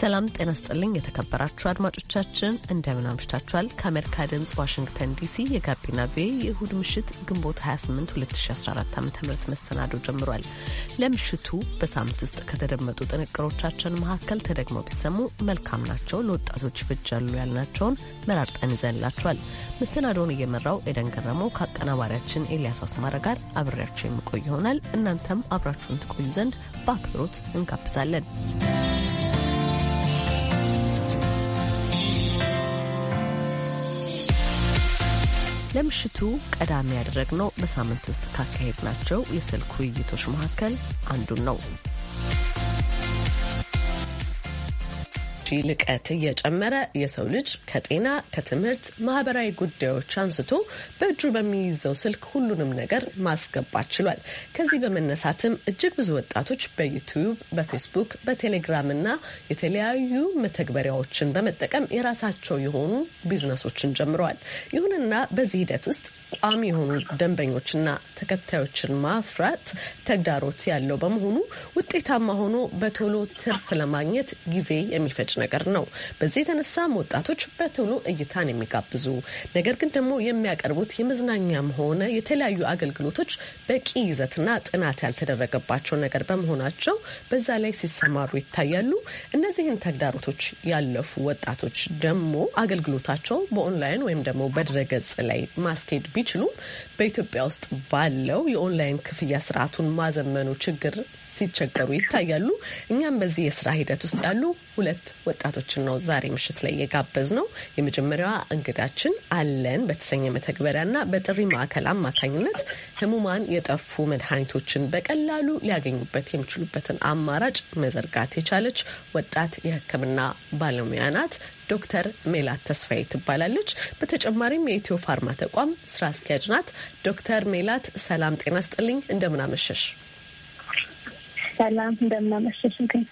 ሰላም ጤና ስጥልኝ። የተከበራችሁ አድማጮቻችን እንደምን አምሽታችኋል? ከአሜሪካ ድምፅ ዋሽንግተን ዲሲ የጋቢና ቪ የእሁድ ምሽት ግንቦት 28 2014 ዓ ም መሰናዶ ጀምሯል። ለምሽቱ በሳምንት ውስጥ ከተደመጡ ጥንቅሮቻችን መካከል ተደግመው ቢሰሙ መልካም ናቸው፣ ለወጣቶች ይበጃሉ ያልናቸውን መራርጠን ይዘንላችኋል። መሰናዶውን እየመራው ኤደን ገረመው ከአቀናባሪያችን ኤልያስ አስማረ ጋር አብሬያቸው የሚቆይ ይሆናል። እናንተም አብራችሁን ትቆዩ ዘንድ በአክብሮት እንጋብዛለን። ለምሽቱ ቀዳሚ ያደረግነው በሳምንት ውስጥ ካካሄድናቸው የስልክ ውይይቶች መካከል አንዱን ነው። ከውጪ ልቀት እየጨመረ የሰው ልጅ ከጤና ከትምህርት፣ ማህበራዊ ጉዳዮች አንስቶ በእጁ በሚይዘው ስልክ ሁሉንም ነገር ማስገባት ችሏል። ከዚህ በመነሳትም እጅግ ብዙ ወጣቶች በዩቲዩብ፣ በፌስቡክ፣ በቴሌግራም እና የተለያዩ መተግበሪያዎችን በመጠቀም የራሳቸው የሆኑ ቢዝነሶችን ጀምረዋል። ይሁንና በዚህ ሂደት ውስጥ ቋሚ የሆኑ ደንበኞችና ተከታዮችን ማፍራት ተግዳሮት ያለው በመሆኑ ውጤታማ ሆኖ በቶሎ ትርፍ ለማግኘት ጊዜ የሚፈጅ ነገር ነው። በዚህ የተነሳም ወጣቶች በቶሎ እይታን የሚጋብዙ ነገር ግን ደግሞ የሚያቀርቡት የመዝናኛም ሆነ የተለያዩ አገልግሎቶች በቂ ይዘትና ጥናት ያልተደረገባቸው ነገር በመሆናቸው በዛ ላይ ሲሰማሩ ይታያሉ። እነዚህን ተግዳሮቶች ያለፉ ወጣቶች ደግሞ አገልግሎታቸው በኦንላይን ወይም ደግሞ በድረገጽ ላይ ማስኬድ ቢችሉም በኢትዮጵያ ውስጥ ባለው የኦንላይን ክፍያ ስርዓቱን ማዘመኑ ችግር ሲቸገሩ ይታያሉ። እኛም በዚህ የስራ ሂደት ውስጥ ያሉ ሁለት ወጣቶችን ነው ዛሬ ምሽት ላይ የጋበዝ ነው። የመጀመሪያዋ እንግዳችን አለን በተሰኘ መተግበሪያና በጥሪ ማዕከል አማካኝነት ህሙማን የጠፉ መድኃኒቶችን በቀላሉ ሊያገኙበት የሚችሉበትን አማራጭ መዘርጋት የቻለች ወጣት የህክምና ባለሙያ ናት። ዶክተር ሜላት ተስፋዬ ትባላለች። በተጨማሪም የኢትዮ ፋርማ ተቋም ስራ አስኪያጅ ናት። ዶክተር ሜላት ሰላም ጤና ስጥልኝ፣ እንደምናመሸሽ ሰላም እንደምናመሸሽልኝ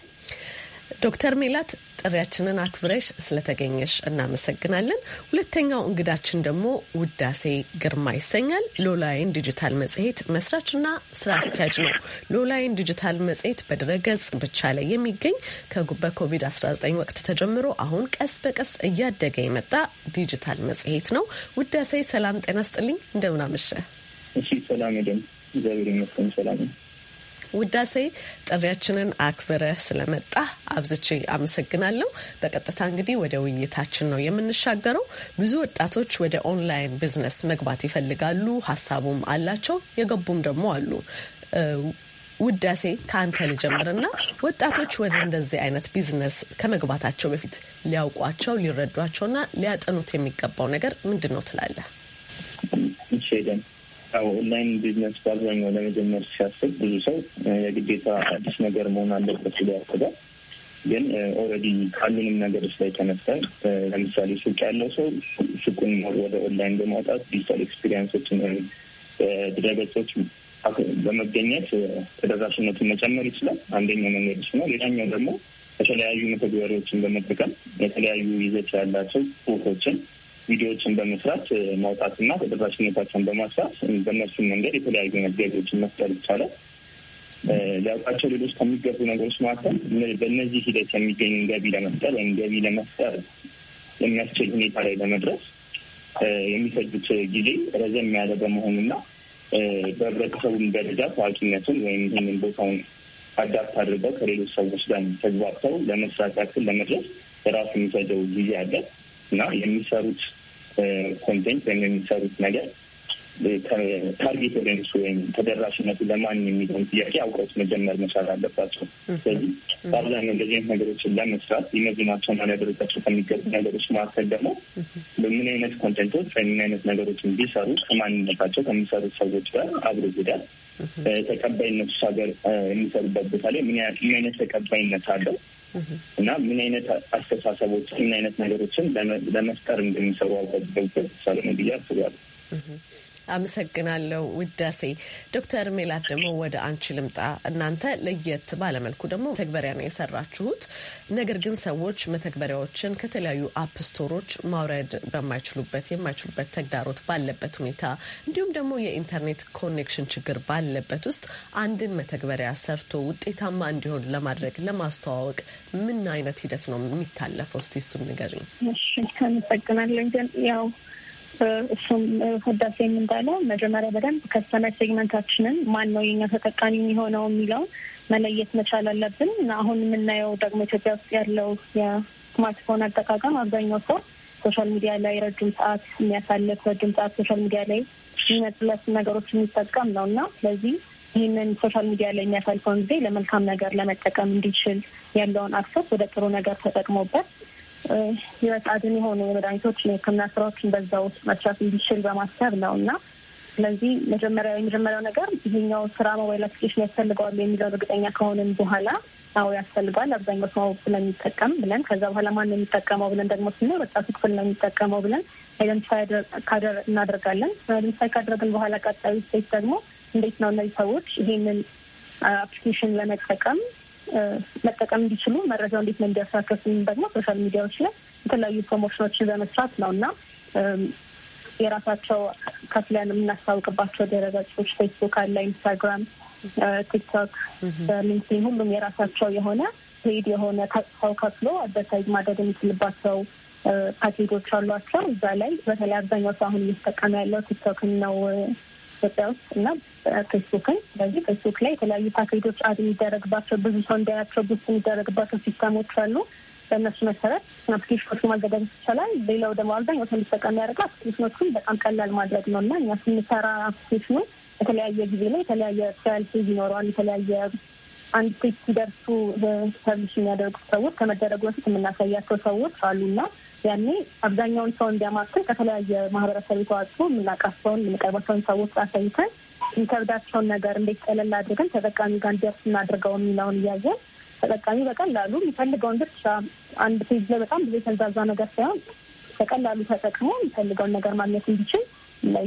ዶክተር ሜላት ጥሪያችንን አክብረሽ ስለተገኘሽ እናመሰግናለን። ሁለተኛው እንግዳችን ደግሞ ውዳሴ ግርማ ይሰኛል። ሎላይን ዲጂታል መጽሔት መስራችና ስራ አስኪያጅ ነው። ሎላይን ዲጂታል መጽሔት በድረገጽ ብቻ ላይ የሚገኝ በኮቪድ-19 ወቅት ተጀምሮ አሁን ቀስ በቀስ እያደገ የመጣ ዲጂታል መጽሔት ነው። ውዳሴ ሰላም ጤና ስጥልኝ፣ እንደምናመሸ። እሺ ሰላም ደም እግዚአብሔር ይመስገን ሰላም ውዳሴ ጥሪያችንን አክብረህ ስለመጣህ አብዝቼ አመሰግናለሁ። በቀጥታ እንግዲህ ወደ ውይይታችን ነው የምንሻገረው። ብዙ ወጣቶች ወደ ኦንላይን ቢዝነስ መግባት ይፈልጋሉ፣ ሀሳቡም አላቸው፣ የገቡም ደግሞ አሉ። ውዳሴ ከአንተ ልጀምርና ወጣቶች ወደ እንደዚህ አይነት ቢዝነስ ከመግባታቸው በፊት ሊያውቋቸው ሊረዷቸውና ሊያጠኑት የሚገባው ነገር ምንድን ነው ትላለህ? ኦንላይን ቢዝነስ በአብዛኛው ለመጀመር ሲያስብ ብዙ ሰው የግዴታ አዲስ ነገር መሆን አለበት ብሎ ያስባል። ግን ኦልሬዲ ካሉንም ነገሮች ላይ ተነስተን ለምሳሌ ሱቅ ያለው ሰው ሱቁን ወደ ኦንላይን በማውጣት ዲጂታል ኤክስፒሪየንሶችን ወይም ድረገጾች በመገኘት ተደራሽነቱን መጨመር ይችላል። አንደኛው መንገድ እሱ ነው። ሌላኛው ደግሞ የተለያዩ መተግበሪያዎችን በመጠቀም የተለያዩ ይዘት ያላቸው ጽሁፎችን ቪዲዮዎችን በመስራት ማውጣትና ተደራሽነታቸውን በማስፋት በእነሱም መንገድ የተለያዩ መዝገቢዎችን መፍጠር ይቻላል። ሊያውቃቸው ሌሎች ከሚገቡ ነገሮች መካከል በእነዚህ ሂደት የሚገኙ ገቢ ለመፍጠር ወይም ገቢ ለመፍጠር የሚያስችል ሁኔታ ላይ ለመድረስ የሚፈጁት ጊዜ ረዘም ያለ በመሆኑና በህብረተሰቡን ደረጃ ታዋቂነቱን ወይም ይህንን ቦታውን አዳፕት አድርገው ከሌሎች ሰዎች ጋር ተግባብተው ለመስራት ያክል ለመድረስ ራሱ የሚፈጀው ጊዜ አለ። እና የሚሰሩት ኮንቴንት ወይም የሚሰሩት ነገር ታርጌት ኦዲየንስ ወይም ተደራሽነቱ ለማን የሚለውን ጥያቄ አውቀውት መጀመር መቻል አለባቸው። ስለዚህ በአብዛኛው እንደዚህ አይነት ነገሮችን ለመስራት ሊመዝናቸውና ሊያደርጋቸው ከሚገቡ ነገሮች መካከል ደግሞ በምን አይነት ኮንቴንቶች ወይም ምን አይነት ነገሮችን ቢሰሩ ከማንነታቸው ከሚሰሩት ሰዎች ጋር አብሮ ይሄዳል። ተቀባይነቱ ሀገር የሚሰሩበት ቦታ ላይ ምን አይነት ተቀባይነት አለው እና ምን አይነት አስተሳሰቦች ምን አይነት ነገሮችን ለመፍጠር እንደሚሰሩ አውቀ ገብተሳለ ነው ብዬ አስባለሁ። አመሰግናለሁ ውዳሴ። ዶክተር ሜላት ደግሞ ወደ አንቺ ልምጣ። እናንተ ለየት ባለመልኩ ደግሞ መተግበሪያ ነው የሰራችሁት። ነገር ግን ሰዎች መተግበሪያዎችን ከተለያዩ አፕስቶሮች ማውረድ በማይችሉበት የማይችሉበት ተግዳሮት ባለበት ሁኔታ እንዲሁም ደግሞ የኢንተርኔት ኮኔክሽን ችግር ባለበት ውስጥ አንድን መተግበሪያ ሰርቶ ውጤታማ እንዲሆን ለማድረግ ለማስተዋወቅ ምን አይነት ሂደት ነው የሚታለፈው? እስቲ እሱን ንገሪኝ። እሺ፣ አመሰግናለሁ። ያው እሱም ህዳሴ የምንባለው መጀመሪያ በደንብ ከስተመር ሴግመንታችንን ማን ነው የኛ ተጠቃሚ የሚሆነው የሚለውን መለየት መቻል አለብን አሁን የምናየው ደግሞ ኢትዮጵያ ውስጥ ያለው የስማርትፎን አጠቃቀም አብዛኛው ሰው ሶሻል ሚዲያ ላይ ረጅም ሰዓት የሚያሳልፍ ረጅም ሰዓት ሶሻል ሚዲያ ላይ የሚመጡለት ነገሮች የሚጠቀም ነው እና ስለዚህ ይህንን ሶሻል ሚዲያ ላይ የሚያሳልፈውን ጊዜ ለመልካም ነገር ለመጠቀም እንዲችል ያለውን አክሰስ ወደ ጥሩ ነገር ተጠቅሞበት የመጣድን የሆኑ የመድኃኒቶች የህክምና ስራዎችን በዛ ውስጥ መስራት እንዲችል በማሰብ ነው እና ስለዚህ መጀመሪያ የመጀመሪያው ነገር ይሄኛው ስራ ሞባይል አፕሊኬሽን ያስፈልገዋል የሚለው እርግጠኛ ከሆንን በኋላ አዎ ያስፈልገዋል፣ አብዛኛው ሰው ስለሚጠቀም ብለን ከዛ በኋላ ማን ነው የሚጠቀመው ብለን ደግሞ ስናይ ወጣቱ ክፍል ነው የሚጠቀመው ብለን አይደንቲፋይ ካደር እናደርጋለን። አይደንቲፋይ ካደረግን በኋላ ቀጣዩ ስቴት ደግሞ እንዴት ነው እነዚህ ሰዎች ይሄንን አፕሊኬሽን ለመጠቀም መጠቀም እንዲችሉ መረጃው እንዴት ነው እንዲያሳከፍ ደግሞ ሶሻል ሚዲያዎች ላይ የተለያዩ ፕሮሞሽኖችን በመስራት ነው እና የራሳቸው ከፍለን የምናስታውቅባቸው ድረገጾች ፌስቡክ አለ፣ ኢንስታግራም፣ ቲክቶክ፣ ሊንክዲን ሁሉም የራሳቸው የሆነ ሄድ የሆነ ሰው ከፍሎ አድቨርታይዝ ማድረግ የሚችልባቸው ፓኬጆች አሏቸው። እዛ ላይ በተለይ አብዛኛው ሰው አሁን እየተጠቀመ ያለው ቲክቶክን ነው ኢትዮጵያ ውስጥ እና ፌስቡክን። ስለዚህ ፌስቡክ ላይ የተለያዩ ፓኬጆች አድ የሚደረግባቸው ብዙ ሰው እንዳያቸው ብዙ የሚደረግባቸው ሲስተሞች አሉ። በእነሱ መሰረት አፕሊኬሽኖች ማዘጋጀት ይቻላል። ሌላው ደግሞ አብዛኛው ሰው እንዲጠቀም ያደርገው አፕሊኬሽኖቹን በጣም ቀላል ማድረግ ነው እና እኛ ስንሰራ አፕሊኬሽኑ የተለያየ ጊዜ ላይ የተለያየ ሰልፍ ይኖረዋል። የተለያየ አንድ ሴት ሲደርሱ ሰርቪስ የሚያደርጉት ሰዎች ከመደረጉ በፊት የምናሳያቸው ሰዎች እና ያኔ አብዛኛውን ሰው እንዲያማክር ከተለያየ ማህበረሰብ የተዋጡ የምናውቃቸውን የምንቀርባቸውን ሰዎች አሳይተን የሚከብዳቸውን ነገር እንዴት ቀለል አድርገን ተጠቃሚ ጋር እንዲደርስ እናድርገው የሚለውን እያየን ተጠቃሚ በቀላሉ የሚፈልገውን ብቻ አንድ ፔጅ ላይ በጣም ብዙ የተዛዛ ነገር ሳይሆን በቀላሉ ተጠቅሞ የሚፈልገውን ነገር ማግኘት እንዲችል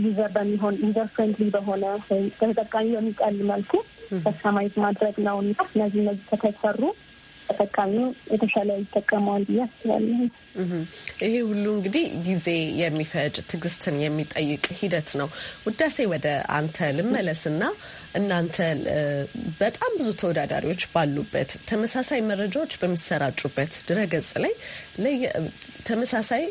ዩዘር በሚሆን ዩዘር ፍሬንድሊ በሆነ ወይም ለተጠቃሚ በሚቀል መልኩ በሰማይት ማድረግ ነው እና እነዚህ እነዚህ ከተሰሩ ተጠቃሚው የተሻለ ይጠቀመዋል ብዬ አስባለሁ። ይሄ ሁሉ እንግዲህ ጊዜ የሚፈጅ ትዕግስትን የሚጠይቅ ሂደት ነው። ውዳሴ ወደ አንተ ልመለስና እናንተ በጣም ብዙ ተወዳዳሪዎች ባሉበት ተመሳሳይ መረጃዎች በሚሰራጩበት ድረገጽ ላይ ተመሳሳይ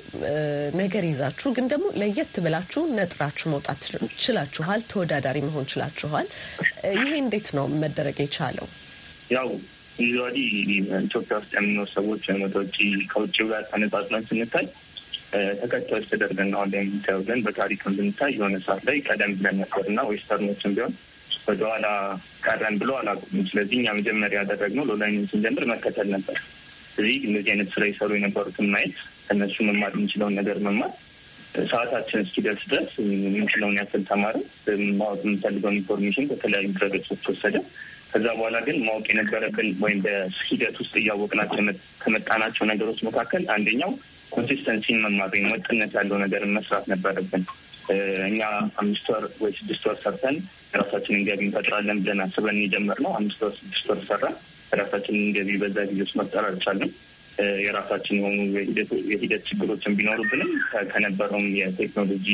ነገር ይዛችሁ ግን ደግሞ ለየት ብላችሁ ነጥራችሁ መውጣት ችላችኋል። ተወዳዳሪ መሆን ችላችኋል። ይሄ እንዴት ነው መደረግ የቻለው? ያው ይዞ ኢትዮጵያ ውስጥ የምንኖር ሰዎች ወይም ወደ ውጭ ከውጭ ጋር ተነጻጽለን ስንታይ ተከታዮች ተደርገን አሁን ላይ ግን በታሪክም ብንታይ የሆነ ሰዓት ላይ ቀደም ብለን ነበር እና ዌስተርኖችን ቢሆን ወደኋላ ቀረን ብሎ አላቁም። ስለዚህ እኛ መጀመሪያ ያደረግነው ሎላይን ስንጀምር መከተል ነበር። ስለዚህ እነዚህ አይነት ስራ ይሰሩ የነበሩትን ማየት፣ ከነሱ መማር የምንችለውን ነገር መማር፣ ሰዓታችን እስኪደርስ ድረስ የምንችለውን ያክል ተማርን። ማወቅ የምንፈልገውን ኢንፎርሜሽን በተለያዩ ድረገጾች ወሰደ። ከዛ በኋላ ግን ማወቅ የነበረብን ወይም በሂደት ውስጥ እያወቅናቸው ከመጣናቸው ነገሮች መካከል አንደኛው ኮንሲስተንሲን መማር ወይም ወጥነት ያለው ነገርን መስራት ነበረብን። እኛ አምስት ወር ወይ ስድስት ወር ሰርተን የራሳችንን ገቢ እንፈጥራለን ብለን አስበን የጀመርነው አምስት ወር ስድስት ወር ሰራን። የራሳችንን ገቢ በዛ ጊዜ ውስጥ መፍጠር አልቻለም። የራሳችን የሆኑ የሂደት ችግሮችን ቢኖሩብንም ከነበረውም የቴክኖሎጂ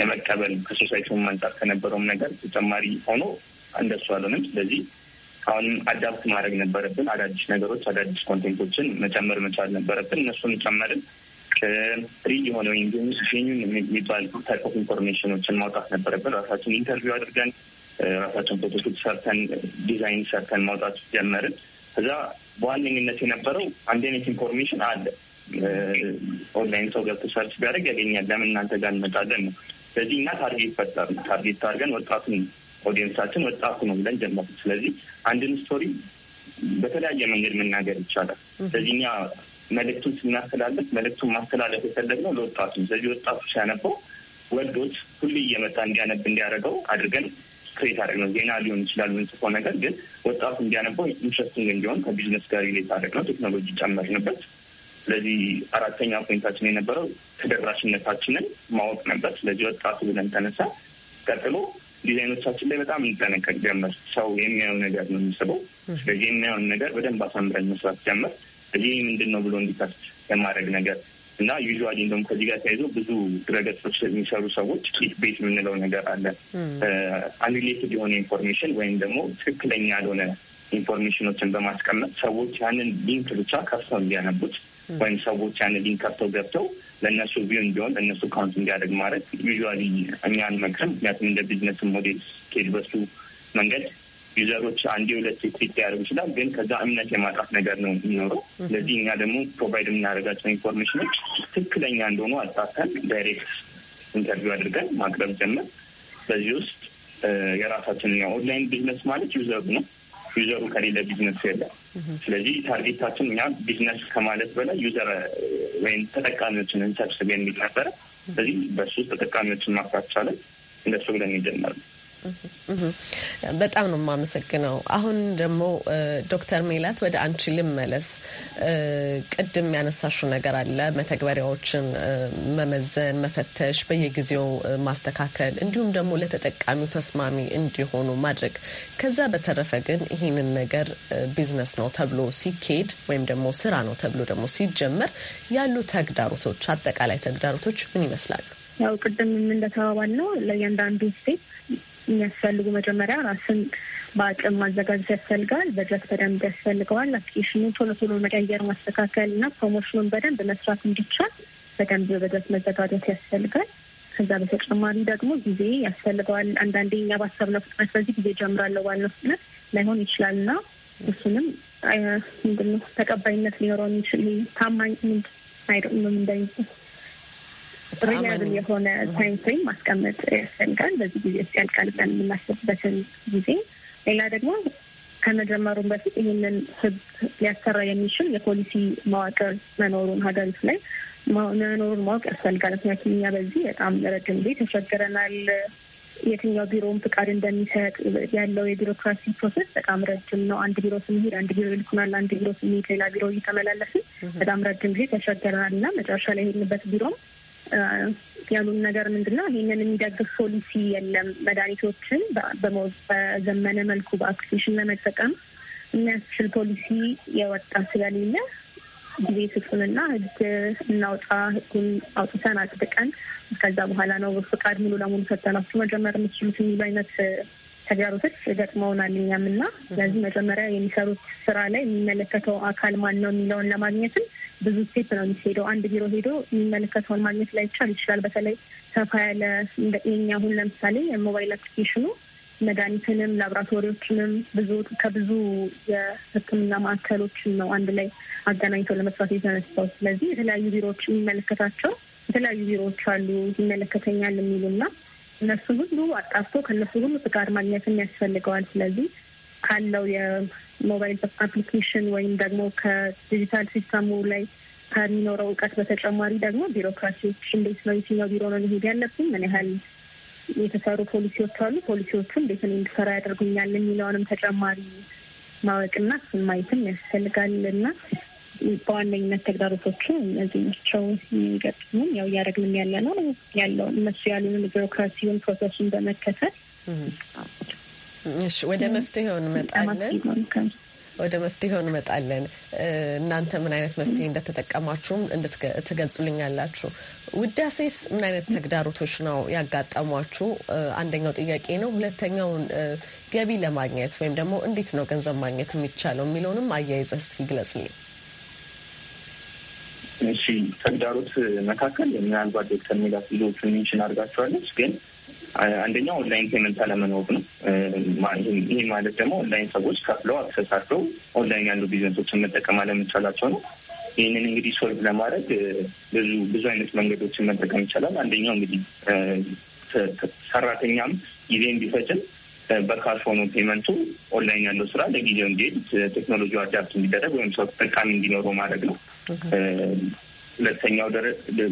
የመቀበል ከሶሳይቲውን አንጻር ከነበረውም ነገር ተጨማሪ ሆኖ እንደሱ አልሆንም። ስለዚህ አሁንም አዳፕት ማድረግ ነበረብን። አዳዲስ ነገሮች፣ አዳዲስ ኮንቴንቶችን መጨመር መቻል ነበረብን። እነሱን ጨመርን። ፍሪ የሆነ ወይም ደግሞ ፊኙን የሚባል ታይፕ ኦፍ ኢንፎርሜሽኖችን ማውጣት ነበረብን። ራሳችን ኢንተርቪው አድርገን ራሳችን ፎቶሾፕ ሰርተን ዲዛይን ሰርተን ማውጣት ጀመርን። ከዛ በዋነኝነት የነበረው አንድ አይነት ኢንፎርሜሽን አለ ኦንላይን ሰው ገብቶ ሰርች ቢያደርግ ያገኛል። ለምን እናንተ ጋር እንመጣለን ነው። ስለዚህ እና ታርጌት ፈጠር ታርጌት ታርገን ወጣቱን ኦዲየንሳችን ወጣቱ ነው ብለን ጀመሩ። ስለዚህ አንድን ስቶሪ በተለያየ መንገድ መናገር ይቻላል። ስለዚህ እኛ መልእክቱን ስናስተላለፍ መልእክቱን ማስተላለፍ የፈለግነው ለወጣቱ። ስለዚህ ወጣቱ ሲያነበው ወልዶች ሁሌ እየመጣ እንዲያነብ እንዲያደርገው አድርገን ክሬት አድርግ ነው። ዜና ሊሆን ይችላል ምንጽፎ ነገር ግን ወጣቱ እንዲያነበው ኢንትረስቲንግ እንዲሆን ከቢዝነስ ጋር ሌት አድርግ ነው። ቴክኖሎጂ ጨመርንበት። ስለዚህ አራተኛ ፖይንታችን የነበረው ተደራሽነታችንን ማወቅ ነበር። ስለዚህ ወጣቱ ብለን ተነሳ። ቀጥሎ ዲዛይኖቻችን ላይ በጣም እንጠነቀቅ ጀመር። ሰው የሚያየው ነገር ነው የሚስበው። ስለዚህ የሚያየውን ነገር በደንብ አሳምረን መስራት ጀመር። ይህ ምንድን ነው ብሎ እንዲከፍት የማድረግ ነገር እና ዩዥዋሊ እንደውም ከዚህ ጋር ተያይዞ ብዙ ድረገጾች የሚሰሩ ሰዎች ቤት የምንለው ነገር አለ። አንሪሌትድ የሆነ ኢንፎርሜሽን ወይም ደግሞ ትክክለኛ ያልሆነ ኢንፎርሜሽኖችን በማስቀመጥ ሰዎች ያንን ሊንክ ብቻ ከፍተው እንዲያነቡት ወይም ሰዎች ሊንክ ከፍተው ገብተው ለእነሱ ቪው እንዲሆን ለእነሱ ካውንት እንዲያደርግ ማድረግ ዩዥዋሊ እኛ አንመክርም። ምክንያቱም እንደ ቢዝነስ ሞዴል ስኬድ በሱ መንገድ ዩዘሮች አንዴ ሁለት ክሊክ ሊያደርጉ ይችላል፣ ግን ከዛ እምነት የማጣት ነገር ነው የሚኖረው። ስለዚህ እኛ ደግሞ ፕሮቫይድ የምናደርጋቸው ኢንፎርሜሽኖች ትክክለኛ እንደሆኑ አጣተን ዳይሬክት ኢንተርቪው አድርገን ማቅረብ ጀመር። በዚህ ውስጥ የራሳችን ኦንላይን ቢዝነስ ማለት ዩዘሩ ነው ዩዘሩ ከሌለ ቢዝነስ የለም። ስለዚህ ታርጌታችን እኛ ቢዝነስ ከማለት በላይ ዩዘር ወይም ተጠቃሚዎችን እንሰብስብ የሚል ነበረ። ስለዚህ በሱ ተጠቃሚዎችን ማፍራት ቻለን። እንደሱ ብለን የጀመርነው በጣም ነው የማመሰግነው። አሁን ደግሞ ዶክተር ሜላት ወደ አንቺ ልመለስ። ቅድም ያነሳሹ ነገር አለ፣ መተግበሪያዎችን መመዘን፣ መፈተሽ፣ በየጊዜው ማስተካከል እንዲሁም ደግሞ ለተጠቃሚው ተስማሚ እንዲሆኑ ማድረግ። ከዛ በተረፈ ግን ይህንን ነገር ቢዝነስ ነው ተብሎ ሲኬድ ወይም ደግሞ ስራ ነው ተብሎ ደግሞ ሲጀመር ያሉ ተግዳሮቶች፣ አጠቃላይ ተግዳሮቶች ምን ይመስላሉ? ያው ቅድም እንደተባባል ነው ለእያንዳንዱ ስቴት የሚያስፈልጉ መጀመሪያ ራስን በአቅም ማዘጋጀት ያስፈልጋል። በድረስ በደንብ ያስፈልገዋል። አፕሊኬሽኑ ቶሎ ቶሎ መቀየር፣ ማስተካከል እና ፕሮሞሽኑን በደንብ መስራት እንዲቻል በደንብ በድረስ መዘጋጀት ያስፈልጋል። ከዛ በተጨማሪ ደግሞ ጊዜ ያስፈልገዋል። አንዳንዴ እኛ ባሰብነው ፍጥነት በዚህ ጊዜ ጀምራለሁ ባለው ፍጥነት ላይሆን ይችላል እና እሱንም ምንድን ነው ተቀባይነት ሊኖረው የሚችል ታማኝ ምንድ አይደ ምንደኝ ሪላያብል የሆነ ታይም ፍሬም ማስቀመጥ ያስፈልጋል። በዚህ ጊዜ ውስጥ ያልቃል ብለን የምናስብበትን ጊዜ። ሌላ ደግሞ ከመጀመሩም በፊት ይህንን ህግ ሊያሰራ የሚችል የፖሊሲ መዋቅር መኖሩን ሀገሪቱ ላይ መኖሩን ማወቅ ያስፈልጋል። ምክንያቱም እኛ በዚህ በጣም ረጅም ጊዜ ተቸግረናል። የትኛው ቢሮውን ፍቃድ እንደሚሰጥ ያለው የቢሮክራሲ ፕሮሰስ በጣም ረጅም ነው። አንድ ቢሮ ስንሄድ አንድ ቢሮ ይልኩናል፣ አንድ ቢሮ ስንሄድ ሌላ ቢሮ እየተመላለስን በጣም ረጅም ጊዜ ተቸገረናል እና መጨረሻ ላይ የሄድንበት ቢሮም ያሉን ነገር ምንድን ነው? ይህንን የሚደግፍ ፖሊሲ የለም። መድኃኒቶችን በዘመነ መልኩ በአፕሊኬሽን ለመጠቀም የሚያስችል ፖሊሲ የወጣ ስለሌለ ጊዜ ስጡንና ህግ እናውጣ። ህጉን አውጥተን አጽድቀን ከዛ በኋላ ነው ፍቃድ ሙሉ ለሙሉ ሰጥተናችሁ መጀመር የምትችሉት የሚሉ አይነት ተግዳሮቶች ገጥመውናል እኛም እና ስለዚህ መጀመሪያ የሚሰሩት ስራ ላይ የሚመለከተው አካል ማን ነው የሚለውን ለማግኘትም ብዙ ስቴፕ ነው የሚሄደው። አንድ ቢሮ ሄዶ የሚመለከተውን ማግኘት ላይቻል ይችላል። በተለይ ሰፋ ያለ የኛ አሁን ለምሳሌ የሞባይል አፕሊኬሽኑ መድኃኒትንም ላብራቶሪዎችንም ብዙ ከብዙ የሕክምና ማዕከሎችን ነው አንድ ላይ አገናኝተው ለመስራት የተነሳው። ስለዚህ የተለያዩ ቢሮዎች የሚመለከታቸው የተለያዩ ቢሮዎች አሉ ይመለከተኛል የሚሉና እነሱ ሁሉ አጣፍቶ ከእነሱ ሁሉ ፍቃድ ማግኘትም ያስፈልገዋል። ስለዚህ ካለው የሞባይል አፕሊኬሽን ወይም ደግሞ ከዲጂታል ሲስተሙ ላይ ከሚኖረው እውቀት በተጨማሪ ደግሞ ቢሮክራሲዎች እንዴት ነው፣ የትኛው ቢሮ ነው ሊሄድ ያለብኝ፣ ምን ያህል የተሰሩ ፖሊሲዎች አሉ፣ ፖሊሲዎቹ እንዴት ነው እንዲሰራ ያደርጉኛል የሚለውንም ተጨማሪ ማወቅና ማየትም ያስፈልጋል እና በዋነኝነት ተግዳሮቶቹ እነዚህ ናቸው የሚገጥሙን። ያው እያደረግንም ያለ ነው ያለው እነሱ ያሉንን ቢሮክራሲውን ፕሮሰሱን በመከተል እሺ፣ ወደ መፍትሄው እንመጣለን ወደ መፍትሄው እንመጣለን። እናንተ ምን አይነት መፍትሄ እንደተጠቀማችሁም ትገልጹልኛላችሁ። ውዳሴስ ምን አይነት ተግዳሮቶች ነው ያጋጠሟችሁ? አንደኛው ጥያቄ ነው። ሁለተኛውን ገቢ ለማግኘት ወይም ደግሞ እንዴት ነው ገንዘብ ማግኘት የሚቻለው የሚለውንም አያይዘ እስኪ ግለጽልኝ። እሺ ተግዳሮት መካከል ምናልባት ዶክተር ሜላት ልጆቹ ሚንሽን አድርጋቸዋለች ግን አንደኛው ኦንላይን ፔመንት አለመኖር ነው። ይህ ማለት ደግሞ ኦንላይን ሰዎች ከፍለው አክሰስ አድርገው ኦንላይን ያሉ ቢዝነሶችን መጠቀም አለመቻላቸው ነው። ይህንን እንግዲህ ሶልቭ ለማድረግ ብዙ ብዙ አይነት መንገዶችን መጠቀም ይቻላል። አንደኛው እንግዲህ ሰራተኛም ጊዜም ቢፈጭም በካሽ ሆኖ ፔመንቱ ኦንላይን ያለው ስራ ለጊዜው እንዲሄድ ቴክኖሎጂ አዳፕት እንዲደረግ ወይም ሰው ተጠቃሚ እንዲኖረው ማድረግ ነው። ሁለተኛው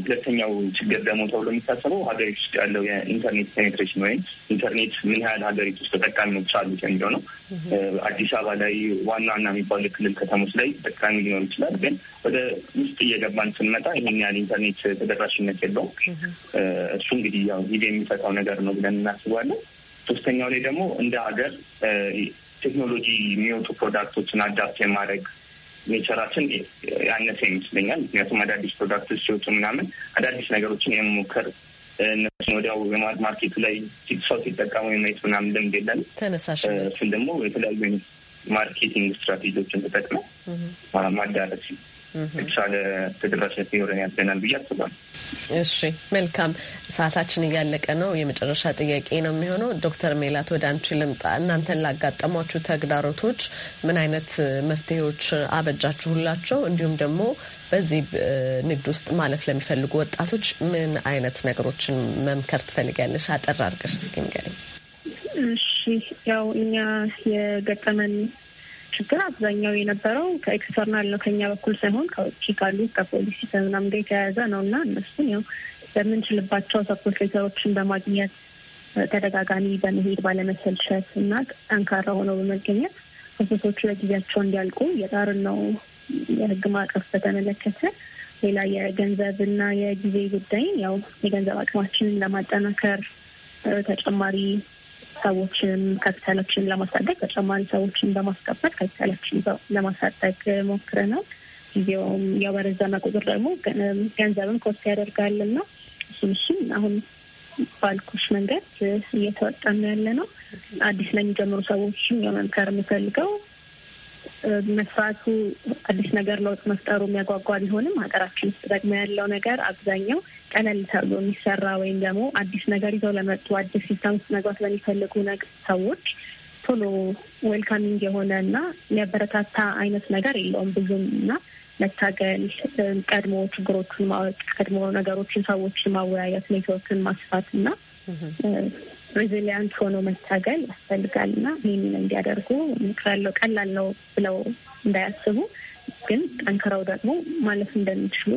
ሁለተኛው ችግር ደግሞ ተብሎ የሚታሰበው ሀገሪቱ ውስጥ ያለው የኢንተርኔት ፔኔትሬሽን ወይም ኢንተርኔት ምን ያህል ሀገሪቱ ውስጥ ተጠቃሚዎች አሉት የሚለው ነው። አዲስ አበባ ላይ ዋና ዋና የሚባሉ የክልል ከተሞች ላይ ተጠቃሚ ሊኖር ይችላል፣ ግን ወደ ውስጥ እየገባን ስንመጣ ይህን ያህል ኢንተርኔት ተደራሽነት የለውም። እሱ እንግዲህ ያው ጊዜ የሚፈታው ነገር ነው ብለን እናስባለን። ሶስተኛው ላይ ደግሞ እንደ ሀገር ቴክኖሎጂ የሚወጡ ፕሮዳክቶችን አዳፕት የማድረግ ኔቸራችን ያነሰ ይመስለኛል። ምክንያቱም አዳዲስ ፕሮዳክቶች ሲወጡ ምናምን አዳዲስ ነገሮችን የመሞከር እነሱን ወዲያው ማርኬቱ ላይ ሰው ሲጠቀሙ የማየት ምናምን ልምድ የለን። ተነሳሽ እሱን ደግሞ የተለያዩ ማርኬቲንግ ስትራቴጂዎችን ተጠቅመ ማዳረስ የተሻለ ተደራሽነት ሊኖረን ያደናል ብዬ አስባለሁ። እሺ መልካም፣ ሰዓታችን እያለቀ ነው። የመጨረሻ ጥያቄ ነው የሚሆነው። ዶክተር ሜላት ወደ አንቺ ልምጣ። እናንተን ላጋጠሟችሁ ተግዳሮቶች ምን አይነት መፍትሄዎች አበጃችሁላቸው? እንዲሁም ደግሞ በዚህ ንግድ ውስጥ ማለፍ ለሚፈልጉ ወጣቶች ምን አይነት ነገሮችን መምከር ትፈልጊያለሽ? አጠር አድርገሽ እስኪ ንገሪኝ። እሺ ያው እኛ የገጠመን ችግር አብዛኛው የነበረው ከኤክስተርናል ነው ከኛ በኩል ሳይሆን ከውጭ ካሉ ከፖሊሲ ከምናምን ጋር የተያያዘ ነው እና እነሱን ያው በምንችልባቸው ሰፖርት ሌተሮችን በማግኘት ተደጋጋሚ በመሄድ ባለመሰልቸት እና ጠንካራ ሆነው በመገኘት ፕሮሰሶቹ ለጊዜያቸው እንዲያልቁ የጣርን ነው። የህግ ማዕቀፍ በተመለከተ ሌላ የገንዘብና የጊዜ ጉዳይን ያው የገንዘብ አቅማችንን ለማጠናከር ተጨማሪ ሰዎችን ካፒታላችን ለማሳደግ ተጨማሪ ሰዎችን በማስቀበል ካፒታላችን ለማሳደግ ሞክረናል። ጊዜውም የበረዘመ ቁጥር ደግሞ ገንዘብን ኮስት ያደርጋል እና እሱም እሱም አሁን ባልኩሽ መንገድ እየተወጣ ነው ያለ ነው። አዲስ ለሚጀምሩ ሰዎችም የመምከር የምፈልገው መስራቱ አዲስ ነገር ለውጥ መፍጠሩ የሚያጓጓ ቢሆንም ሀገራችን ውስጥ ደግሞ ያለው ነገር አብዛኛው ቀለል ተብሎ የሚሰራ ወይም ደግሞ አዲስ ነገር ይዘው ለመጡ አዲስ ሲስተም ውስጥ መግባት ለሚፈልጉ ሰዎች ቶሎ ዌልካሚንግ የሆነ እና የሚያበረታታ አይነት ነገር የለውም ብዙም እና መታገል፣ ቀድሞ ችግሮቹን ማወቅ፣ ቀድሞ ነገሮችን ሰዎችን ማወያየት፣ ኔትወርክን ማስፋት እና ሬዚሊያንት ሆኖ መታገል ያስፈልጋል እና ይህንን እንዲያደርጉ ምክራለሁ። ቀላል ነው ብለው እንዳያስቡ ግን ጠንክረው ደግሞ ማለፍ እንደሚችሉ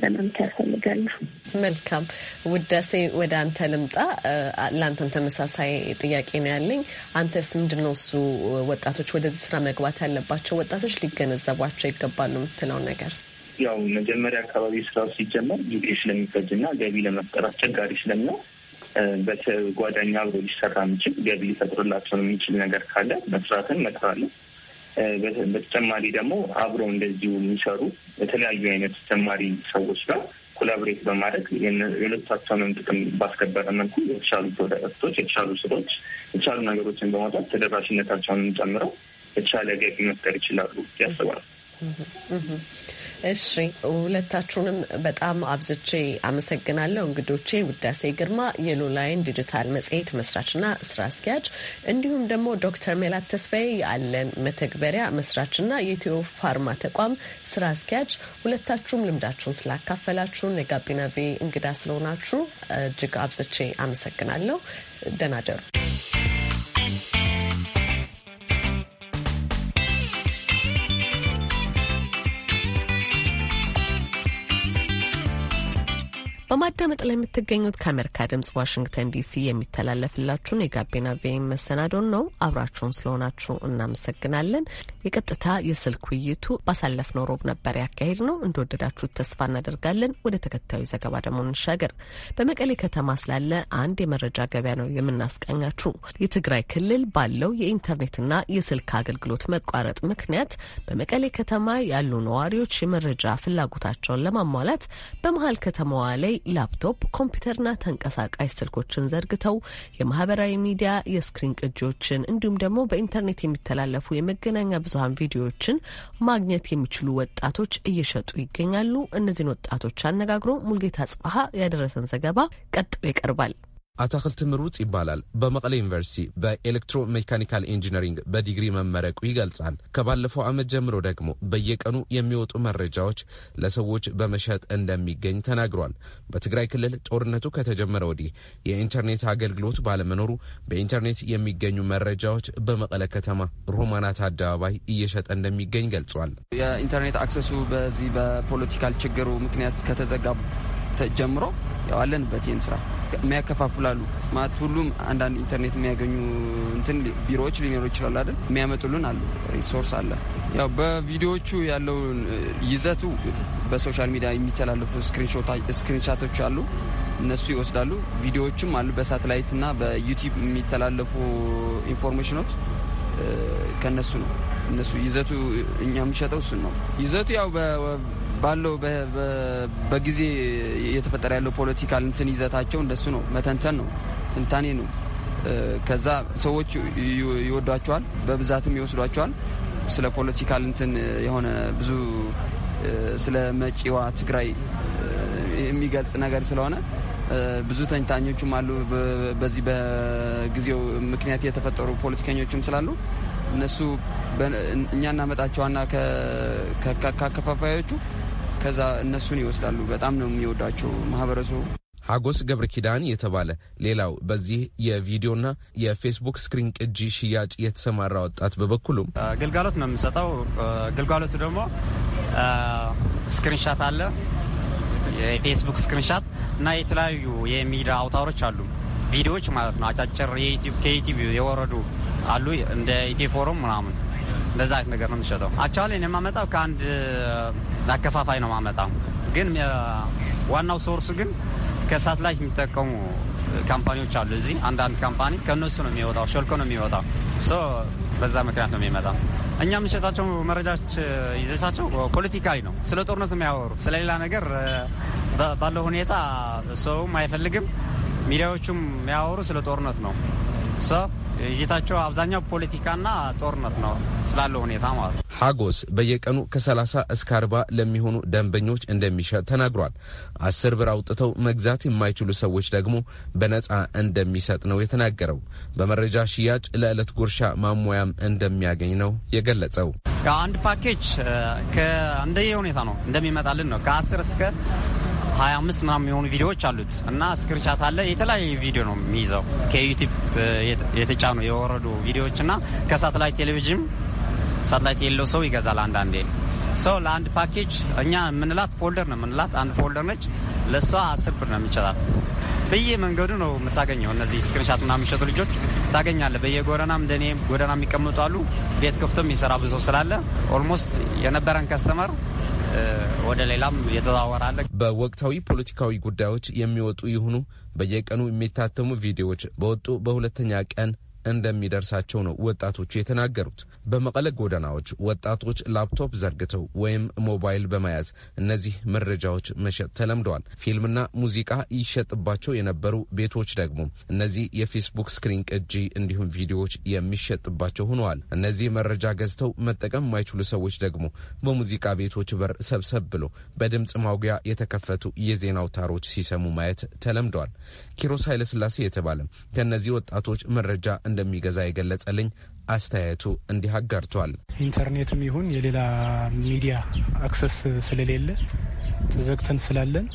ለመምከር እፈልጋለሁ። መልካም ውዳሴ፣ ወደ አንተ ልምጣ። ለአንተም ተመሳሳይ ጥያቄ ነው ያለኝ። አንተስ ምንድን ነው እሱ ወጣቶች ወደዚህ ስራ መግባት ያለባቸው ወጣቶች ሊገነዘቧቸው ይገባሉ የምትለው ነገር? ያው መጀመሪያ አካባቢ ስራው ሲጀመር ጊዜ ስለሚፈጅ እና ገቢ ለመፍጠር አስቸጋሪ ስለሚሆን በተጓዳኛ አብሮ ሊሰራ የሚችል ገቢ ሊፈጥርላቸው የሚችል ነገር ካለ መስራትን እመክራለሁ። በተጨማሪ ደግሞ አብሮ እንደዚሁ የሚሰሩ የተለያዩ አይነት ተጨማሪ ሰዎች ጋር ኮላቦሬት በማድረግ የሁለታቸውንም ጥቅም ባስከበረ መልኩ የተሻሉ ፕሮዳክቶች፣ የተሻሉ ስሮች፣ የተሻሉ ነገሮችን በማውጣት ተደራሽነታቸውንም ጨምረው የተሻለ ገቢ መፍጠር ይችላሉ ያስባል። እሺ ሁለታችሁንም በጣም አብዝቼ አመሰግናለሁ። እንግዶቼ ውዳሴ ግርማ የሎላይን ዲጂታል መጽሔት መስራችና ስራ አስኪያጅ እንዲሁም ደግሞ ዶክተር ሜላት ተስፋዬ የአለን መተግበሪያ መስራችና የኢትዮ ፋርማ ተቋም ስራ አስኪያጅ፣ ሁለታችሁም ልምዳችሁን ስላካፈላችሁን የጋቢና ቪ እንግዳ ስለሆናችሁ እጅግ አብዝቼ አመሰግናለሁ። ደናደሩ በማዳመጥ ላይ የምትገኙት ከአሜሪካ ድምጽ ዋሽንግተን ዲሲ የሚተላለፍላችሁን የጋቢና ቪም መሰናዶን ነው። አብራችሁን ስለሆናችሁ እናመሰግናለን። የቀጥታ የስልክ ውይይቱ ባሳለፍነው ሮብ ነበር ያካሄድ ነው። እንደወደዳችሁት ተስፋ እናደርጋለን። ወደ ተከታዩ ዘገባ ደግሞ እንሻገር። በመቀሌ ከተማ ስላለ አንድ የመረጃ ገበያ ነው የምናስቃኛችሁ። የትግራይ ክልል ባለው የኢንተርኔትና የስልክ አገልግሎት መቋረጥ ምክንያት በመቀሌ ከተማ ያሉ ነዋሪዎች የመረጃ ፍላጎታቸውን ለማሟላት በመሀል ከተማዋ ላይ ላፕቶፕ፣ ኮምፒውተርና ተንቀሳቃሽ ስልኮችን ዘርግተው የማህበራዊ ሚዲያ የስክሪን ቅጂዎችን እንዲሁም ደግሞ በኢንተርኔት የሚተላለፉ የመገናኛ ብዙሀን ቪዲዮዎችን ማግኘት የሚችሉ ወጣቶች እየሸጡ ይገኛሉ። እነዚህን ወጣቶች አነጋግሮ ሙልጌታ ጽባሀ ያደረሰን ዘገባ ቀጥሎ ይቀርባል። አታክልት ምሩጽ ይባላል። በመቀለ ዩኒቨርሲቲ በኤሌክትሮ ሜካኒካል ኢንጂነሪንግ በዲግሪ መመረቁ ይገልጻል። ከባለፈው ዓመት ጀምሮ ደግሞ በየቀኑ የሚወጡ መረጃዎች ለሰዎች በመሸጥ እንደሚገኝ ተናግሯል። በትግራይ ክልል ጦርነቱ ከተጀመረ ወዲህ የኢንተርኔት አገልግሎት ባለመኖሩ በኢንተርኔት የሚገኙ መረጃዎች በመቀለ ከተማ ሮማናት አደባባይ እየሸጠ እንደሚገኝ ገልጿል። የኢንተርኔት አክሰሱ በዚህ በፖለቲካል ችግሩ ምክንያት ከተዘጋ ጀምሮ ያዋለንበት ይህን ስራ የሚያከፋፍላሉ ማለት ሁሉም አንዳንድ ኢንተርኔት የሚያገኙ እንትን ቢሮዎች ሊኖሩ ይችላል አይደል? የሚያመጡልን አሉ ሪሶርስ አለ። ያው በቪዲዮዎቹ ያለው ይዘቱ በሶሻል ሚዲያ የሚተላለፉ ስክሪንሻቶች አሉ፣ እነሱ ይወስዳሉ። ቪዲዮዎችም አሉ በሳተላይት እና በዩቲዩብ የሚተላለፉ ኢንፎርሜሽኖች ከነሱ ነው። እነሱ ይዘቱ እኛ የምንሸጠው እሱን ነው። ይዘቱ ያው ባለው በጊዜ እየተፈጠረ ያለው ፖለቲካል እንትን ይዘታቸው እንደሱ ነው፣ መተንተን ነው፣ ትንታኔ ነው። ከዛ ሰዎች ይወዷቸዋል፣ በብዛትም ይወስዷቸዋል። ስለ ፖለቲካል እንትን የሆነ ብዙ ስለ መጪዋ ትግራይ የሚገልጽ ነገር ስለሆነ ብዙ ተንታኞችም አሉ። በዚህ በጊዜው ምክንያት የተፈጠሩ ፖለቲከኞችም ስላሉ እነሱ እኛ እናመጣቸዋና ከአከፋፋዮቹ ከዛ እነሱን ይወስዳሉ። በጣም ነው የሚወዳቸው ማህበረሰቡ። ሀጎስ ገብረ ኪዳን የተባለ ሌላው በዚህ የቪዲዮና የፌስቡክ ስክሪን ቅጂ ሽያጭ የተሰማራ ወጣት በበኩሉም ግልጋሎት ነው የምንሰጠው። ግልጋሎቱ ደግሞ ስክሪንሻት አለ፣ የፌስቡክ ስክሪንሻት እና የተለያዩ የሚዲያ አውታሮች አሉ፣ ቪዲዮዎች ማለት ነው። አጫጭር ከዩቲዩብ የወረዱ አሉ፣ እንደ ኢቴ ፎረም ምናምን እንደዛ አይነት ነገር ነው የምንሸጠው። አቻዋል እኔ የማመጣው ከአንድ አከፋፋይ ነው ማመጣው። ግን ዋናው ሶርሱ ግን ከሳትላይት የሚጠቀሙ ካምፓኒዎች አሉ እዚህ። አንዳንድ ካምፓኒ ከእነሱ ነው የሚወጣው፣ ሾልኮ ነው የሚወጣው። በዛ ምክንያት ነው የሚመጣው። እኛ የምንሸጣቸው መረጃዎች ይዘታቸው ፖለቲካዊ ነው። ስለ ጦርነት የሚያወሩ ስለሌላ ነገር ባለው ሁኔታ ሰውም አይፈልግም። ሚዲያዎቹም የሚያወሩ ስለ ጦርነት ነው። ይዘታቸው አብዛኛው ፖለቲካና ጦርነት ነው ስላለው ሁኔታ ማለት ነው። ሀጎስ በየቀኑ ከ30 እስከ አርባ ለሚሆኑ ደንበኞች እንደሚሸጥ ተናግሯል። አስር ብር አውጥተው መግዛት የማይችሉ ሰዎች ደግሞ በነፃ እንደሚሰጥ ነው የተናገረው። በመረጃ ሽያጭ ለዕለት ጉርሻ ማሟያም እንደሚያገኝ ነው የገለጸው። አንድ ፓኬጅ እንደየ ሁኔታ ነው እንደሚመጣልን ነው ከአስር እስከ ሀያ አምስት ምናምን የሆኑ ቪዲዮዎች አሉት እና ስክሪንሻት አለ። የተለያየ ቪዲዮ ነው የሚይዘው ከዩቲብ የተጫኑ የወረዱ ቪዲዮዎች እና ከሳተላይት ቴሌቪዥን ሳተላይት የለው ሰው ይገዛል አንዳንዴ ሰው ለአንድ ፓኬጅ እኛ የምንላት ፎልደር ነው የምንላት አንድ ፎልደር ነች። ለእሷ አስር ብር ነው የሚችላት። በየ መንገዱ ነው የምታገኘው። እነዚህ ስክሪንሻት ምናምን የሚሸጡ ልጆች ታገኛለ። በየጎዳናም እንደኔ ጎዳና የሚቀምጡ አሉ። ቤት ከፍቶ የሚሰራ ብዙ ስላለ ኦልሞስት የነበረን ከስተመር ወደ ሌላም እየተዘዋወረ አለ። በወቅታዊ ፖለቲካዊ ጉዳዮች የሚወጡ ይሁኑ በየቀኑ የሚታተሙ ቪዲዮዎች በወጡ በሁለተኛ ቀን እንደሚደርሳቸው ነው ወጣቶቹ የተናገሩት። በመቀለ ጎዳናዎች ወጣቶች ላፕቶፕ ዘርግተው ወይም ሞባይል በመያዝ እነዚህ መረጃዎች መሸጥ ተለምደዋል። ፊልምና ሙዚቃ ይሸጥባቸው የነበሩ ቤቶች ደግሞ እነዚህ የፌስቡክ ስክሪን ቅጂ እንዲሁም ቪዲዮዎች የሚሸጥባቸው ሆነዋል። እነዚህ መረጃ ገዝተው መጠቀም የማይችሉ ሰዎች ደግሞ በሙዚቃ ቤቶች በር ሰብሰብ ብሎ በድምፅ ማጉያ የተከፈቱ የዜና አውታሮች ሲሰሙ ማየት ተለምደዋል። ኪሮስ ኃይለስላሴ የተባለ ከእነዚህ ወጣቶች መረጃ እንደሚገዛ የገለጸልኝ አስተያየቱ እንዲህ አጋርቷል። ኢንተርኔትም ይሁን የሌላ ሚዲያ አክሰስ ስለሌለ ተዘግተን ስላለን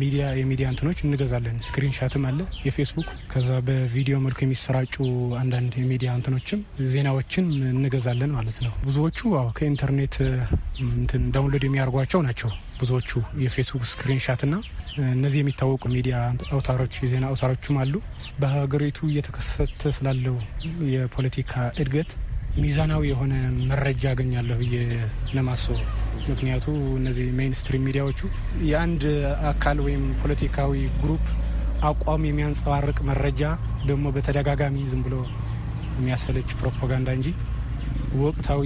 ሚዲያ የሚዲያ እንትኖች እንገዛለን። ስክሪንሻትም አለ የፌስቡክ ከዛ በቪዲዮ መልኩ የሚሰራጩ አንዳንድ የሚዲያ እንትኖችም ዜናዎችን እንገዛለን ማለት ነው። ብዙዎቹ ከኢንተርኔት ዳውንሎድ የሚያደርጓቸው ናቸው። ብዙዎቹ የፌስቡክ ስክሪንሻት ና እነዚህ የሚታወቁ ሚዲያ አውታሮች የዜና አውታሮችም አሉ። በሀገሪቱ እየተከሰተ ስላለው የፖለቲካ እድገት ሚዛናዊ የሆነ መረጃ አገኛለሁ ብዬ ለማስበው ምክንያቱ እነዚህ ሜይንስትሪም ሚዲያዎቹ የአንድ አካል ወይም ፖለቲካዊ ግሩፕ አቋም የሚያንጸባርቅ መረጃ ደግሞ በተደጋጋሚ ዝም ብሎ የሚያሰለች ፕሮፓጋንዳ እንጂ ወቅታዊ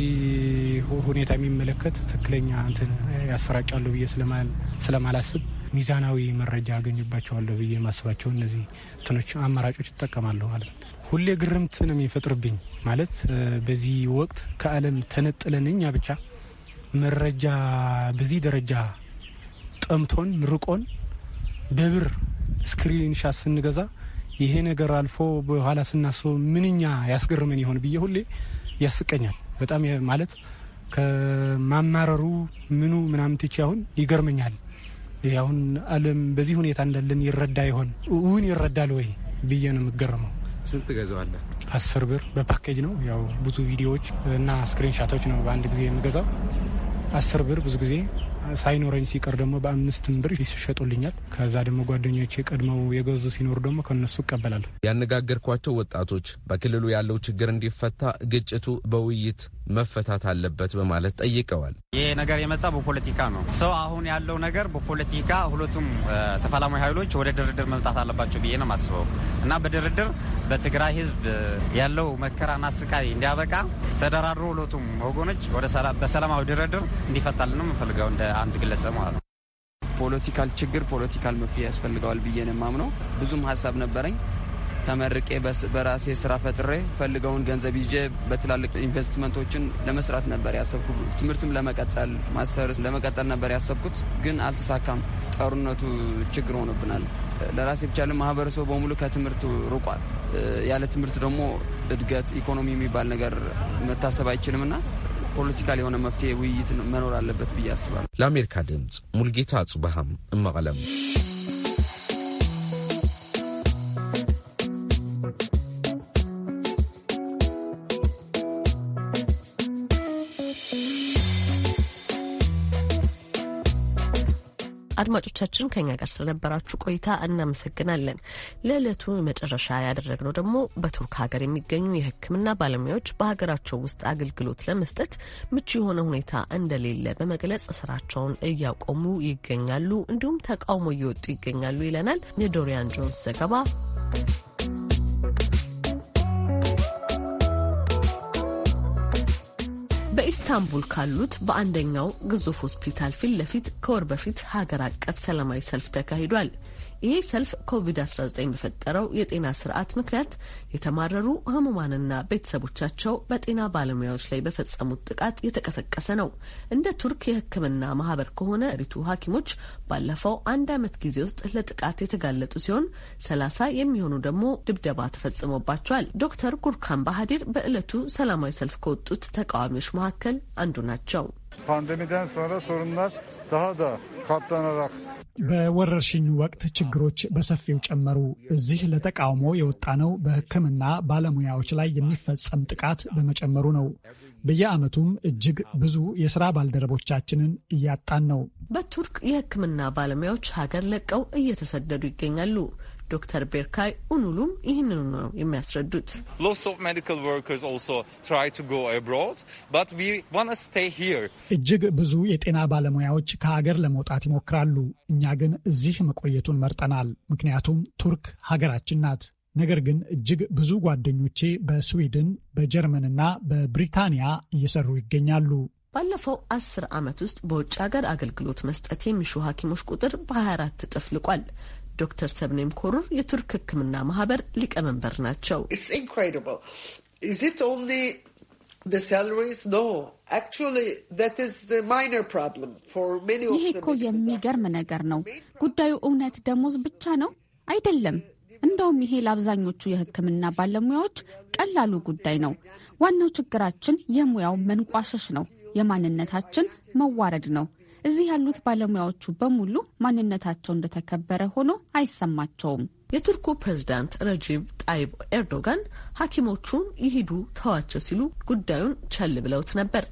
ሁኔታ የሚመለከት ትክክለኛ እንትን ያሰራጫሉ ብዬ ስለማላስብ ሚዛናዊ መረጃ ያገኝባቸዋለሁ ብዬ ማስባቸው እነዚህ እንትኖች አማራጮች ይጠቀማለሁ ማለት ነው። ሁሌ ግርምት ነው የሚፈጥርብኝ ማለት በዚህ ወቅት ከዓለም ተነጥለን እኛ ብቻ መረጃ በዚህ ደረጃ ጠምቶን ርቆን በብር ስክሪን ሻት ስንገዛ ይሄ ነገር አልፎ በኋላ ስናስበው ምንኛ ያስገርመን ይሆን ብዬ ሁሌ ያስቀኛል በጣም ማለት ከማማረሩ ምኑ ምናምን ትቼ አሁን ይገርመኛል። አሁን ዓለም በዚህ ሁኔታ እንዳለን ይረዳ ይሆን እውን ይረዳል ወይ ብዬ ነው የምገረመው። ስንት ገዛዋለ አስር ብር በፓኬጅ ነው ያው ብዙ ቪዲዮዎች እና ስክሪንሻቶች ነው በአንድ ጊዜ የምገዛው። አስር ብር ብዙ ጊዜ ሳይኖረኝ ሲቀር ደግሞ በአምስትም ብር ይሸጡልኛል። ከዛ ደግሞ ጓደኞቼ ቀድመው የገዙ ሲኖሩ ደግሞ ከነሱ እቀበላለሁ። ያነጋገርኳቸው ወጣቶች በክልሉ ያለው ችግር እንዲፈታ ግጭቱ በውይይት መፈታት አለበት በማለት ጠይቀዋል። ይህ ነገር የመጣ በፖለቲካ ነው። ሰው አሁን ያለው ነገር በፖለቲካ ሁለቱም ተፋላሚ ኃይሎች ወደ ድርድር መምጣት አለባቸው ብዬ ነው ማስበው እና በድርድር በትግራይ ሕዝብ ያለው መከራና ስቃይ እንዲያበቃ ተደራድሮ ሁለቱም ወገኖች በሰላማዊ ድርድር እንዲፈታልን ነው የምፈልገው እንደ አንድ ግለሰብ ማለት ነው። ፖለቲካል ችግር ፖለቲካል መፍትሄ ያስፈልገዋል ብዬ ነው የማምነው። ብዙም ሀሳብ ነበረኝ። ተመርቄ በራሴ ስራ ፈጥሬ ፈልገውን ገንዘብ ይዤ በትላልቅ ኢንቨስትመንቶችን ለመስራት ነበር ያሰብኩት። ትምህርትም ለመቀጠል ማስተርስ ለመቀጠል ነበር ያሰብኩት፣ ግን አልተሳካም። ጦርነቱ ችግር ሆኖብናል። ለራሴ ብቻ ማህበረሰቡ በሙሉ ከትምህርት ርቋል። ያለ ትምህርት ደግሞ እድገት ኢኮኖሚ የሚባል ነገር መታሰብ አይችልም ፖለቲካል የሆነ መፍትሄ ውይይት መኖር አለበት ብዬ አስባለሁ። ለአሜሪካ ድምፅ ሙልጌታ አጽብሃም እመቀለም አድማጮቻችን ከኛ ጋር ስለነበራችሁ ቆይታ እናመሰግናለን። ለዕለቱ መጨረሻ ያደረግነው ደግሞ በቱርክ ሀገር የሚገኙ የሕክምና ባለሙያዎች በሀገራቸው ውስጥ አገልግሎት ለመስጠት ምቹ የሆነ ሁኔታ እንደሌለ በመግለጽ ስራቸውን እያቆሙ ይገኛሉ፣ እንዲሁም ተቃውሞ እየወጡ ይገኛሉ ይለናል የዶሪያን ጆንስ ዘገባ። በኢስታንቡል ካሉት በአንደኛው ግዙፍ ሆስፒታል ፊት ለፊት ከወር በፊት ሀገር አቀፍ ሰላማዊ ሰልፍ ተካሂዷል። ይሄ ሰልፍ ኮቪድ-19 በፈጠረው የጤና ስርዓት ምክንያት የተማረሩ ህሙማንና ቤተሰቦቻቸው በጤና ባለሙያዎች ላይ በፈጸሙት ጥቃት የተቀሰቀሰ ነው። እንደ ቱርክ የህክምና ማህበር ከሆነ ሪቱ ሐኪሞች ባለፈው አንድ ዓመት ጊዜ ውስጥ ለጥቃት የተጋለጡ ሲሆን ሰላሳ የሚሆኑ ደግሞ ድብደባ ተፈጽሞባቸዋል። ዶክተር ጉርካን ባህዲር በዕለቱ ሰላማዊ ሰልፍ ከወጡት ተቃዋሚዎች መካከል አንዱ ናቸው። pandemiden sonra sorunlar daha da katlanarak በወረርሽኙ ወቅት ችግሮች በሰፊው ጨመሩ። እዚህ ለተቃውሞ የወጣነው በሕክምና ባለሙያዎች ላይ የሚፈጸም ጥቃት በመጨመሩ ነው። በየዓመቱም እጅግ ብዙ የስራ ባልደረቦቻችንን እያጣን ነው። በቱርክ የሕክምና ባለሙያዎች ሀገር ለቀው እየተሰደዱ ይገኛሉ። ዶክተር ቤርካይ ኡኑሉም ይህንኑ ነው የሚያስረዱት። እጅግ ብዙ የጤና ባለሙያዎች ከሀገር ለመውጣት ይሞክራሉ። እኛ ግን እዚህ መቆየቱን መርጠናል። ምክንያቱም ቱርክ ሀገራችን ናት። ነገር ግን እጅግ ብዙ ጓደኞቼ በስዊድን በጀርመንና በብሪታንያ እየሰሩ ይገኛሉ። ባለፈው አስር ዓመት ውስጥ በውጭ ሀገር አገልግሎት መስጠት የሚሹ ሐኪሞች ቁጥር በ24 እጥፍ ልቋል። ዶክተር ሰብኔም ኮሩር የቱርክ ሕክምና ማህበር ሊቀመንበር ናቸው። ይሄ እኮ የሚገርም ነገር ነው። ጉዳዩ እውነት ደሞዝ ብቻ ነው? አይደለም። እንደውም ይሄ ለአብዛኞቹ የህክምና ባለሙያዎች ቀላሉ ጉዳይ ነው። ዋናው ችግራችን የሙያው መንቋሸሽ ነው። የማንነታችን መዋረድ ነው። እዚህ ያሉት ባለሙያዎቹ በሙሉ ማንነታቸው እንደተከበረ ሆኖ አይሰማቸውም። የቱርኩ ፕሬዝዳንት ረጂብ ጣይብ ኤርዶጋን ሐኪሞቹን ይሂዱ ተዋቸው ሲሉ ጉዳዩን ቸል ብለውት ነበር።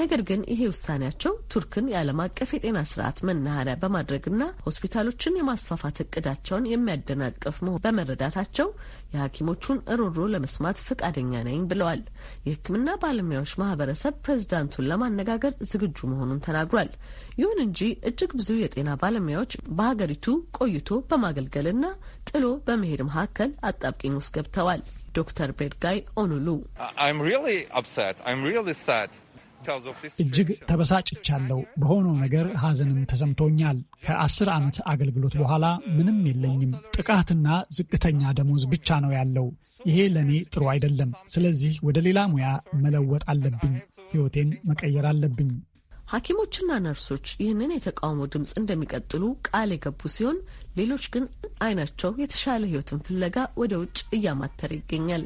ነገር ግን ይሄ ውሳኔያቸው ቱርክን የዓለም አቀፍ የጤና ስርዓት መናኸሪያ በማድረግና ሆስፒታሎችን የማስፋፋት እቅዳቸውን የሚያደናቅፍ መሆን በመረዳታቸው የሐኪሞቹን እሮሮ ለመስማት ፈቃደኛ ነኝ ብለዋል። የሕክምና ባለሙያዎች ማህበረሰብ ፕሬዝዳንቱን ለማነጋገር ዝግጁ መሆኑን ተናግሯል። ይሁን እንጂ እጅግ ብዙ የጤና ባለሙያዎች በሀገሪቱ ቆይቶ በማገልገልና ጥሎ በመሄድ መካከል አጣብቂኝ ውስጥ ገብተዋል። ዶክተር ቤርጋይ ኦኑሉ እጅግ ተበሳጭቻለሁ። በሆነው ነገር ሐዘንም ተሰምቶኛል። ከአስር ዓመት አገልግሎት በኋላ ምንም የለኝም። ጥቃትና ዝቅተኛ ደሞዝ ብቻ ነው ያለው። ይሄ ለእኔ ጥሩ አይደለም። ስለዚህ ወደ ሌላ ሙያ መለወጥ አለብኝ። ሕይወቴን መቀየር አለብኝ። ሐኪሞችና ነርሶች ይህንን የተቃውሞ ድምፅ እንደሚቀጥሉ ቃል የገቡ ሲሆን ሌሎች ግን አይናቸው የተሻለ ሕይወትን ፍለጋ ወደ ውጭ እያማተረ ይገኛል።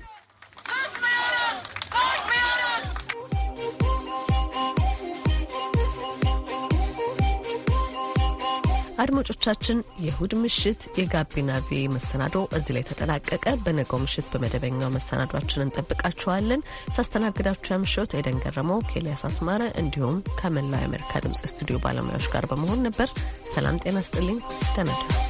አድማጮቻችን፣ የእሁድ ምሽት የጋቢና ቪ መሰናዶ እዚህ ላይ ተጠናቀቀ። በነገው ምሽት በመደበኛው መሰናዷችን እንጠብቃችኋለን። ሳስተናግዳችሁ ያምሽት ኤደን ገረመው ኬልያስ አስማረ እንዲሁም ከመላው የአሜሪካ ድምጽ ስቱዲዮ ባለሙያዎች ጋር በመሆን ነበር። ሰላም ጤና ስጥልኝ ተናደ